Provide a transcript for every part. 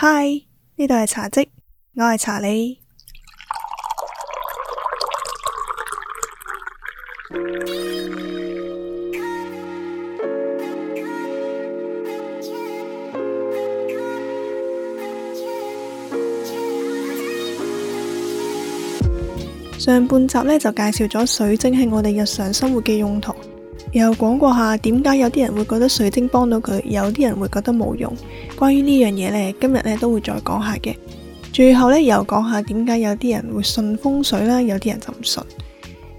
嗨，i 呢度係茶嘖，我係茶你。上半集呢就介紹咗水晶係我哋日常生活嘅用途。又講過下點解有啲人會覺得水晶幫到佢，有啲人會覺得冇用。關於呢樣嘢呢，今日呢都會再講下嘅。最後呢，又講下點解有啲人會信風水啦，有啲人就唔信。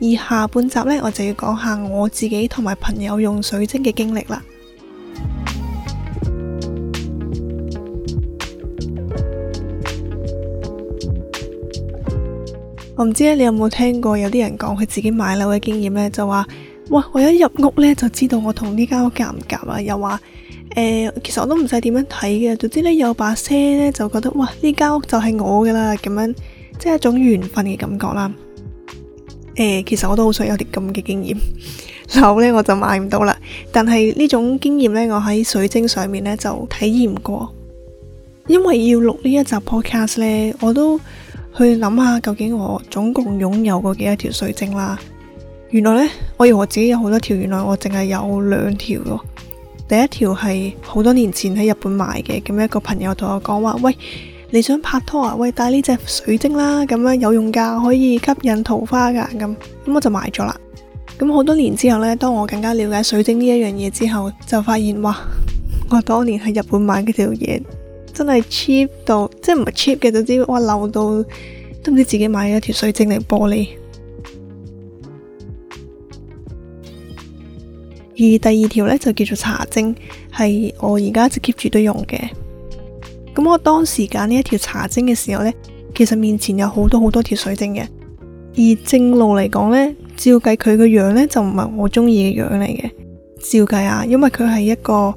而下半集呢，我就要講下我自己同埋朋友用水晶嘅經歷啦。 我唔知你有冇聽過有啲人講佢自己買樓嘅經驗呢，就話。哇！我一入屋咧，就知道我同呢間屋夾唔夾啊，又話誒、呃，其實我都唔使點樣睇嘅，總之咧有把聲咧，就覺得哇，呢間屋就係我噶啦，咁樣即係一種緣分嘅感覺啦。誒、呃，其實我都好想有啲咁嘅經驗，樓 咧我就買唔到啦。但係呢種經驗咧，我喺水晶上面咧就體驗過，因為要錄呢一集 podcast 咧，我都去諗下究竟我總共擁有過幾多條水晶啦。原來呢，我以為我自己有好多條，原來我淨係有兩條咯。第一條係好多年前喺日本買嘅，咁一個朋友同我講話，喂，你想拍拖啊？喂，戴呢隻水晶啦，咁樣有用噶，可以吸引桃花噶。咁咁我就買咗啦。咁好多年之後呢，當我更加了解水晶呢一樣嘢之後，就發現哇，我當年喺日本買嗰條嘢真係 cheap 到，即係唔 cheap 嘅，就知。哇漏到都唔知自己買咗條水晶定玻璃。而第二條咧就叫做茶晶，係我而家一直 keep 住都用嘅。咁我當時揀呢一條茶晶嘅時候呢，其實面前有好多好多條水晶嘅。而正路嚟講呢，照計佢個樣呢，就唔係我中意嘅樣嚟嘅。照計啊，因為佢係一個誒、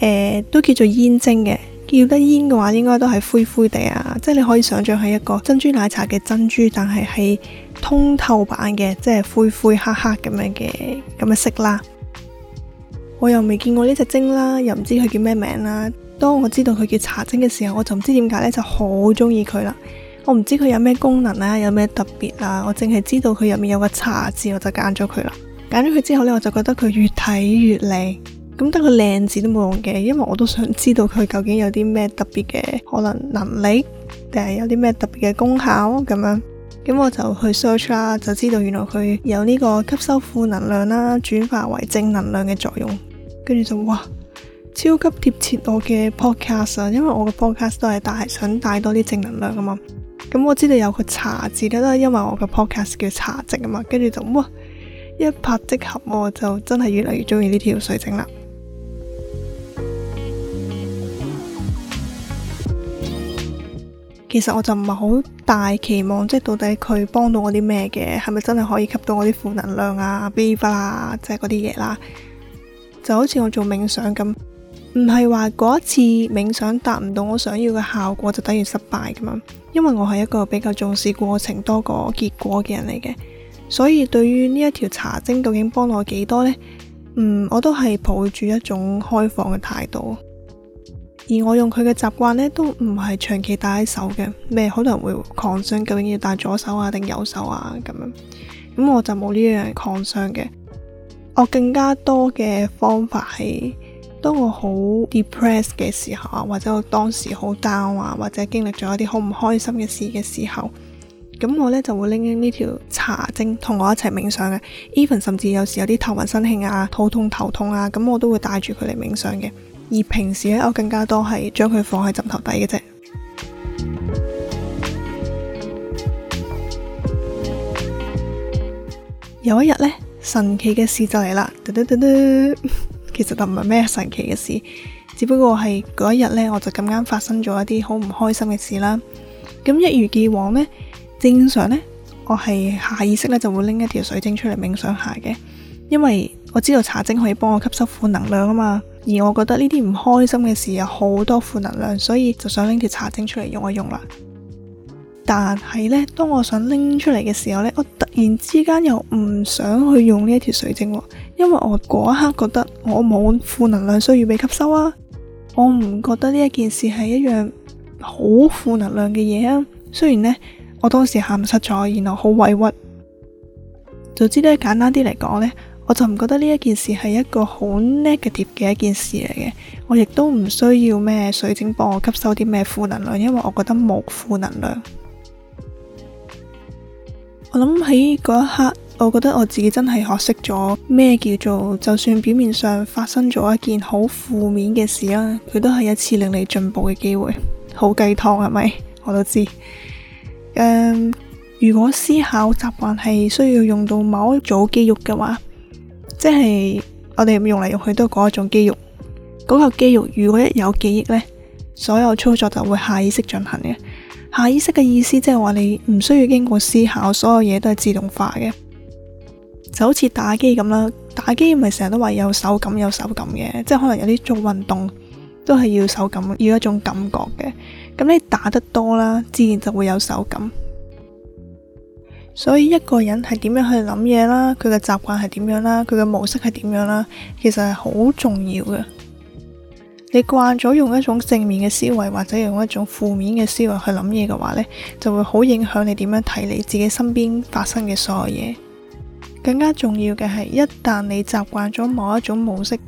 呃、都叫做煙晶嘅，叫得煙嘅話應該都係灰灰地啊，即係你可以想象係一個珍珠奶茶嘅珍珠，但係係通透版嘅，即係灰灰黑黑咁樣嘅咁嘅色啦。我又未見過呢隻晶啦，又唔知佢叫咩名啦。當我知道佢叫茶晶嘅時候，我就唔知點解咧就好中意佢啦。我唔知佢有咩功能呀，有咩特別呀。我淨係知道佢入面有個茶字，我就揀咗佢啦。揀咗佢之後咧，我就覺得佢越睇越靚。咁得個靚字都冇用嘅，因為我都想知道佢究竟有啲咩特別嘅可能能力，定係有啲咩特別嘅功效咁樣。咁我就去 search 啦，就知道原來佢有呢個吸收負能量啦，轉化為正能量嘅作用。跟住就哇，超級貼切我嘅 podcast 啊，因為我嘅 podcast 都係帶想帶多啲正能量啊嘛。咁、嗯、我知道有個茶字啦，因為我嘅 podcast 叫茶嘖啊嘛。跟住就哇，一拍即合，我就真係越嚟越中意呢條水晶啦。其實我就唔係好大期望，即、就、係、是、到底佢幫到我啲咩嘅，係咪真係可以吸到我啲負能量啊 v i b a 啊，即係嗰啲嘢啦。就好似我做冥想咁，唔係話嗰一次冥想達唔到我想要嘅效果就等於失敗噶嘛。因為我係一個比較重視過程多過結果嘅人嚟嘅，所以對於呢一條茶晶究竟幫我幾多呢？嗯，我都係抱住一種開放嘅態度。而我用佢嘅習慣呢，都唔係長期戴喺手嘅，咩可能會抗傷，究竟要戴左手啊定右手啊咁樣，咁、嗯、我就冇呢樣抗傷嘅。我更加多嘅方法係，當我好 depress 嘅時候啊，或者我當時好 down 啊，或者經歷咗一啲好唔開心嘅事嘅時候，咁我呢就會拎拎呢條茶晶同我一齊冥想嘅。Even 甚至有時有啲頭暈身㷫啊、肚痛頭痛啊，咁我都會帶住佢嚟冥想嘅。而平時呢，我更加多係將佢放喺枕頭底嘅啫。有一日呢。神奇嘅事就嚟啦，嘟嘟嘟嘟，其實就唔係咩神奇嘅事，只不過係嗰一日呢，我就咁啱發生咗一啲好唔開心嘅事啦。咁一如既往呢，正常呢，我係下意識咧就會拎一條水晶出嚟冥想下嘅，因為我知道茶晶可以幫我吸收負能量啊嘛。而我覺得呢啲唔開心嘅事有好多負能量，所以就想拎條茶晶出嚟用一用啦。但係呢，當我想拎出嚟嘅時候呢，我突然之間又唔想去用呢一條水晶，因為我嗰一刻覺得我冇負能量需要被吸收啊。我唔覺得呢一件事係一樣好負能量嘅嘢啊。雖然呢，我當時喊失咗，然後好委屈。總之呢，簡單啲嚟講呢，我就唔覺得呢一,一件事係一個好 negative 嘅一件事嚟嘅。我亦都唔需要咩水晶幫我吸收啲咩負能量，因為我覺得冇負能量。我諗喺嗰一刻，我覺得我自己真係學識咗咩叫做，就算表面上發生咗一件好負面嘅事啦，佢都係一次令你進步嘅機會。好雞湯係咪？我都知。Um, 如果思考習慣係需要用到某一組肌肉嘅話，即係我哋用嚟，用去都嗰一種肌肉。嗰嚿肌肉如果一有記憶呢，所有操作就會下意識進行嘅。下意識嘅意思即係話你唔需要經過思考，所有嘢都係自動化嘅，就好似打機咁啦。打機咪成日都話有手感有手感嘅，即係可能有啲做運動都係要手感，要一種感覺嘅。咁你打得多啦，自然就會有手感。所以一個人係點樣去諗嘢啦，佢嘅習慣係點樣啦，佢嘅模式係點樣啦，其實係好重要嘅。你慣咗用一種正面嘅思維，或者用一種負面嘅思維去諗嘢嘅話呢，就會好影響你點樣睇你自己身邊發生嘅所有嘢。更加重要嘅係，一旦你習慣咗某一種模式，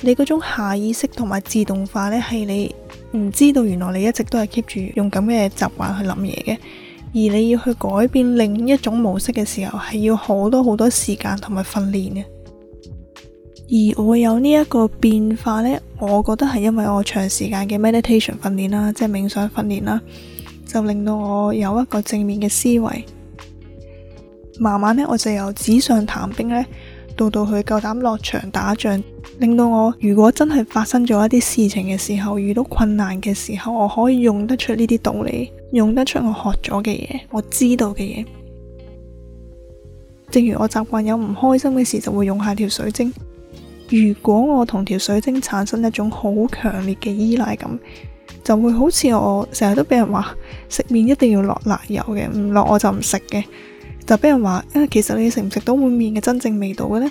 你嗰種下意識同埋自動化，呢係你唔知道，原來你一直都係 keep 住用咁嘅習慣去諗嘢嘅。而你要去改變另一種模式嘅時候，係要好多好多時間同埋訓練嘅。而我有呢一個變化呢，我覺得係因為我長時間嘅 meditation 訓練啦，即係冥想訓練啦，就令到我有一個正面嘅思維。慢慢呢，我就由紙上談兵呢，到到去夠膽落場打仗，令到我如果真係發生咗一啲事情嘅時候，遇到困難嘅時候，我可以用得出呢啲道理，用得出我學咗嘅嘢，我知道嘅嘢。正如我習慣有唔開心嘅事就會用下條水晶。如果我同條水晶產生一種好強烈嘅依賴感，就會好似我成日都俾人話食麵一定要落辣油嘅，唔落我就唔食嘅，就俾人話，因、啊、其實你食唔食到碗麵嘅真正味道嘅呢？」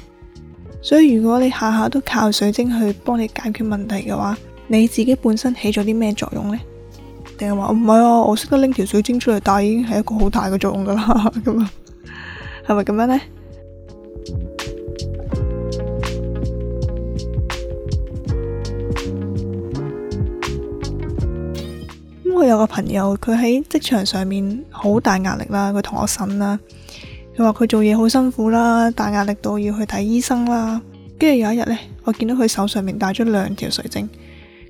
所以如果你下下都靠水晶去幫你解決問題嘅話，你自己本身起咗啲咩作用呢？定係話唔係啊，我識得拎條水晶出嚟，但已經係一個好大嘅作用噶啦，咁啊，係咪咁樣呢？我有個朋友，佢喺職場上面好大壓力啦。佢同我呻啦，佢話佢做嘢好辛苦啦，大壓力到要去睇醫生啦。跟住有一日呢，我見到佢手上面戴咗兩條水晶，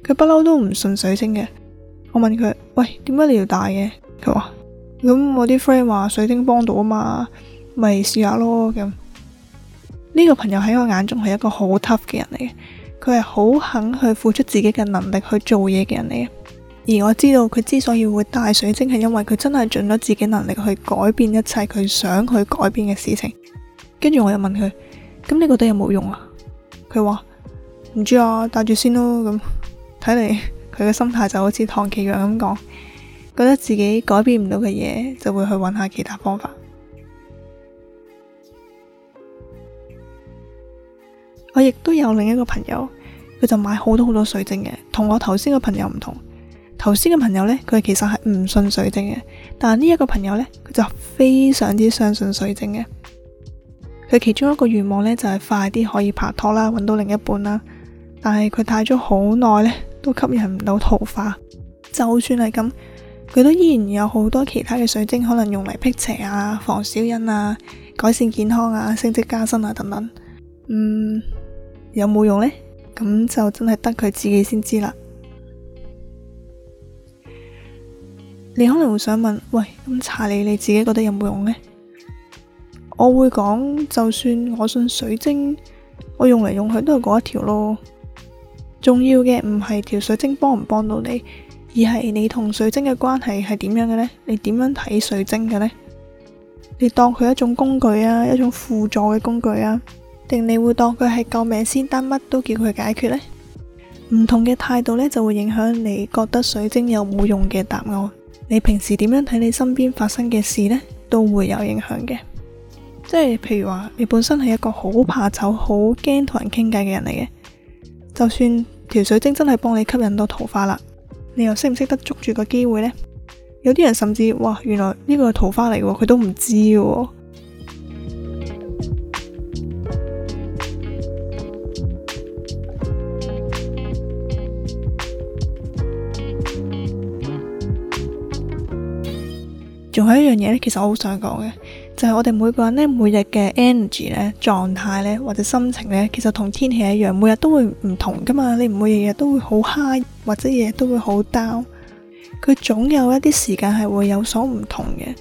佢不嬲都唔信水晶嘅。我問佢：喂，點解你要戴嘅？佢話：咁我啲 friend 話水晶幫到啊嘛，咪試下咯。咁呢個朋友喺我眼中係一個好 tough 嘅人嚟嘅，佢係好肯去付出自己嘅能力去做嘢嘅人嚟嘅。而我知道佢之所以會戴水晶，係因為佢真係盡咗自己能力去改變一切佢想去改變嘅事情。跟住我又問佢，咁你覺得有冇用啊？佢話唔知啊，戴住先咯。咁睇嚟佢嘅心態就好似唐奇陽咁講，覺得自己改變唔到嘅嘢，就會去揾下其他方法。我亦都有另一個朋友，佢就買好多好多水晶嘅，同我頭先個朋友唔同。頭先嘅朋友呢，佢其實係唔信水晶嘅，但呢一個朋友呢，佢就非常之相信水晶嘅。佢其中一個願望呢，就係快啲可以拍拖啦，揾到另一半啦。但係佢戴咗好耐呢，都吸引唔到桃花。就算係咁，佢都依然有好多其他嘅水晶，可能用嚟辟邪啊、防小人啊、改善健康啊、升職加薪啊等等。嗯，有冇用呢？咁就真係得佢自己先知啦。你可能會想問：喂，咁查理你自己覺得有冇用呢？我會講，就算我信水晶，我用嚟用去都係嗰一條咯。重要嘅唔係條水晶幫唔幫到你，而係你同水晶嘅關係係點樣嘅呢？你點樣睇水晶嘅呢？你當佢一種工具啊，一種輔助嘅工具啊，定你會當佢係救命仙丹，乜都叫佢解決呢？唔同嘅態度呢，就會影響你覺得水晶有冇用嘅答案。你平時點樣睇你身邊發生嘅事呢，都會有影響嘅。即係譬如話，你本身係一個好怕醜、好驚同人傾偈嘅人嚟嘅，就算條水晶真係幫你吸引到桃花啦，你又識唔識得捉住個機會呢？有啲人甚至嘩，原來呢個係桃花嚟嘅，佢都唔知嘅、哦。仲有一樣嘢咧，其實我好想講嘅，就係、是、我哋每個人咧，每日嘅 energy 咧、狀態咧或者心情咧，其實同天氣一樣，每日都會唔同噶嘛。你唔會日日都會好 high 或者日日都會好 down。佢總有一啲時間係會有所唔同嘅。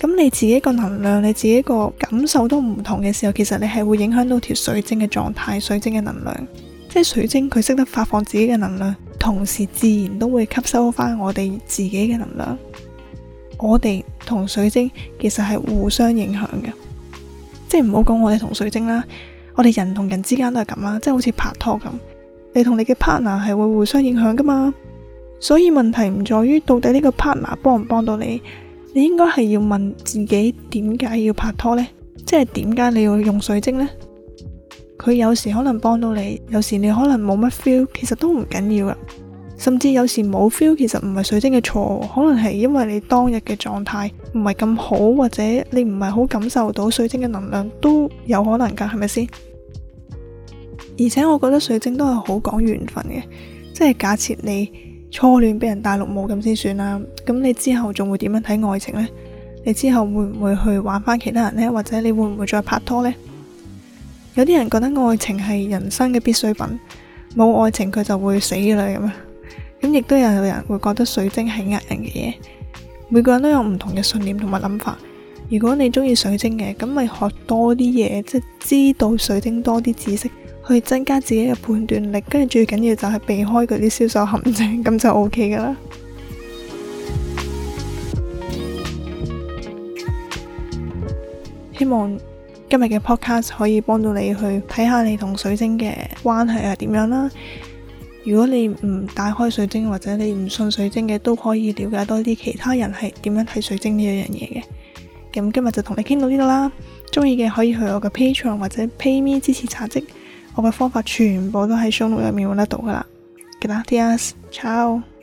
咁你自己個能量、你自己個感受都唔同嘅時候，其實你係會影響到條水晶嘅狀態、水晶嘅能量。即係水晶佢識得發放自己嘅能量，同時自然都會吸收翻我哋自己嘅能量。我哋同水晶其實係互相影響嘅，即係唔好講我哋同水晶啦，我哋人同人之間都係咁啦，即係好似拍拖咁，你同你嘅 partner 係會互相影響噶嘛，所以問題唔在於到底呢個 partner 幫唔幫到你，你應該係要問自己點解要拍拖呢，即係點解你要用水晶呢？佢有時可能幫到你，有時你可能冇乜 feel，其實都唔緊要噶。甚至有時冇 feel，其實唔係水晶嘅錯，可能係因為你當日嘅狀態唔係咁好，或者你唔係好感受到水晶嘅能量都有可能噶，係咪先？而且我覺得水晶都係好講緣分嘅，即係假設你初戀俾人戴綠帽咁先算啦，咁你之後仲會點樣睇愛情呢？你之後會唔會去玩翻其他人呢？或者你會唔會再拍拖呢？有啲人覺得愛情係人生嘅必需品，冇愛情佢就會死嘅啦，咁樣？咁亦都有人會覺得水晶係呃人嘅嘢，每個人都有唔同嘅信念同埋諗法。如果你中意水晶嘅，咁咪學多啲嘢，即係知道水晶多啲知識，去增加自己嘅判斷力。跟住最緊要就係避開嗰啲銷售陷阱，咁就 OK 噶啦。 希望今日嘅 podcast 可以幫到你去睇下你同水晶嘅關係係點樣啦。如果你唔戴開水晶，或者你唔信水晶嘅，都可以了解多啲其他人係點樣睇水晶呢樣嘢嘅。咁今日就同你傾到呢度啦，鍾意嘅可以去我嘅 Patreon 或者 PayMe 支持茶嘖，我嘅方法全部都喺相錄入面揾得到噶啦。記得睇下，Cheers！